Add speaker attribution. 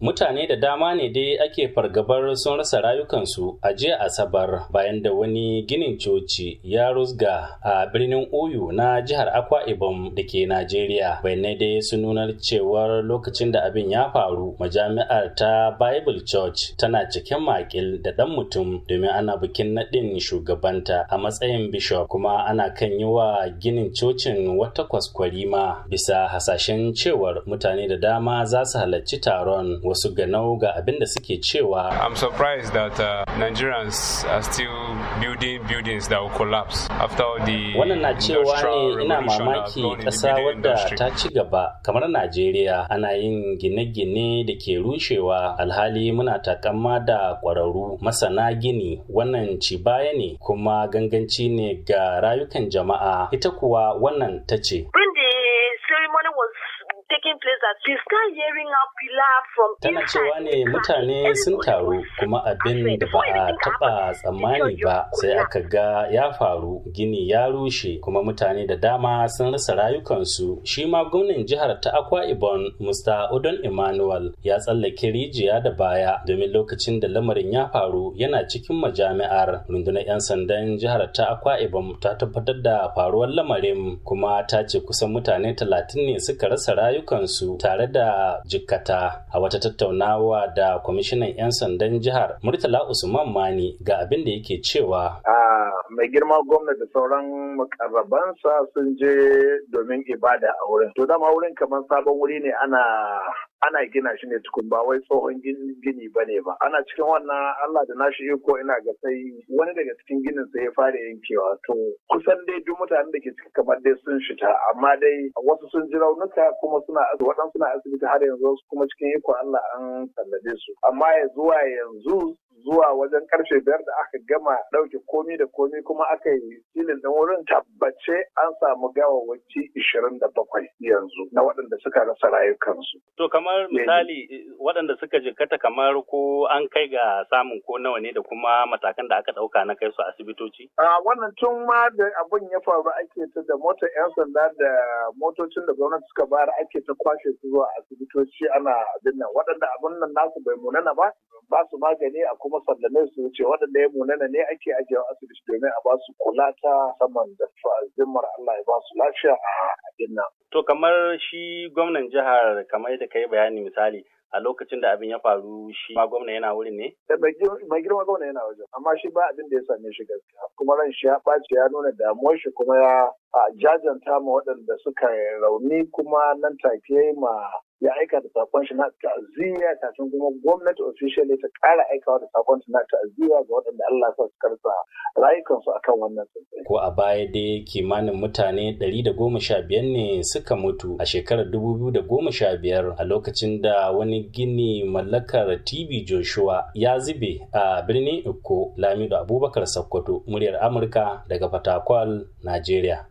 Speaker 1: Mutane da dama ne dai ake fargabar sun rasa rayukansu a jiya Asabar bayan da wani ginin coci ya rusga a birnin Oyo na jihar Akwa Ibom da ke Najeriya. Bayanai dai sun nuna cewar lokacin da abin ya faru majami'ar ta Bible Church tana cikin makil da ɗan mutum domin ana bikin naɗin shugabanta a matsayin bishop kuma ana kan yi wa ginin cocin wata kwaskwarima bisa hasashen cewar mutane da dama za su halarci taron wasu ganau ga abin da suke cewa I'm surprised that uh, Nigerians are still building buildings that will collapse after all the Wannan na cewa ne ina mamaki ƙasa wadda ta ci gaba kamar Najeriya ana yin gine-gine da ke rushewa alhali muna takamma da ƙwararru masana gini wannan ci baya ne kuma ganganci ne ga rayukan jama'a ita kuwa wannan ta ce.
Speaker 2: taking place that we start hearing our pillar from Tana cewa
Speaker 1: ne mutane sun taru kuma abin da ba a taɓa tsammani ba sai aka ga ya faru gini ya rushe kuma mutane da dama sun rasa rayukansu shi ma gwamnan jihar ta Akwa Ibom Musta Odon Emmanuel ya tsallake rijiya da baya domin lokacin da lamarin ya faru yana cikin majami'ar rundunar 'yan sandan jihar ta Akwa Ibom ta tabbatar da faruwar lamarin kuma ta ce kusan mutane talatin ne suka rasa rayukansu ayyukansu tare da jikkata a wata tattaunawa da kwamishinan 'yan sandan jihar Murtala Usman Mani ga abin da yake cewa.
Speaker 2: a mai girma gwamnati da sauran makarabansa sun je domin ibada a wurin. To dama wurin kamar sabon wuri ne ana ana gina shi ne tukun ba wai tsohon gini ba ne ba ana cikin wannan Allah da nashi iko ina ga sai wani daga cikin ginin sai ya fara yankewa to kusan dai duk mutanen da ke ciki kamar dai sun shita amma dai wasu sun ji raunuka kuma suna waɗansu suna asibiti har yanzu kuma cikin iko Allah an sallade su amma ya zuwa yanzu zuwa wajen karfe biyar da aka gama ɗauke komi da komi kuma aka yi filin da wurin tabbace an samu gawawwaki ishirin da bakwai yanzu na waɗanda suka rasa rayukansu.
Speaker 1: To kamar misali eh, waɗanda suka kata kamar ko an kai ga samun ko nawa ne da kuma matakan da aka ɗauka na kai su asibitoci?
Speaker 2: A wannan tun ma da abin ya faru ake ta da motar 'yan sanda da motocin da gwamnati suka bayar ake ta kwashe su zuwa asibitoci ana abin nan waɗanda abin nan nasu bai munana ba ba su magani a kuma kuma sallame su ce waɗanda ya munana ne ake ajiyar asibiti domin a basu su kula ta saman da zimmar Allah ya basu lafiya a
Speaker 1: abin nan. To kamar shi gwamnan jihar kamar yadda ka yi bayani misali a lokacin da abin ya faru shi ma gwamna yana wurin ne?
Speaker 2: Mai girma gwamna yana wajen, amma shi ba abin da ya same shi gaskiya. Kuma ran shi ya ɓaci ya nuna damuwar shi kuma ya a jajanta ma waɗanda suka rauni kuma nan take ma ya aika da sakon shi na ta'aziyya kafin kuma gwamnati officially ta ƙara aikawa da sakon shi na ta'aziyya ga waɗanda Allah ya su karsa rayukansu akan wannan tsuntsu.
Speaker 1: Ko a baya dai kimanin mutane 115 ne suka mutu a shekarar 2015 a lokacin da wani gini mallakar TV Joshua ya zube a birnin Iko Lamido Abubakar Sokoto muryar Amurka daga Fatakwal, Najeriya.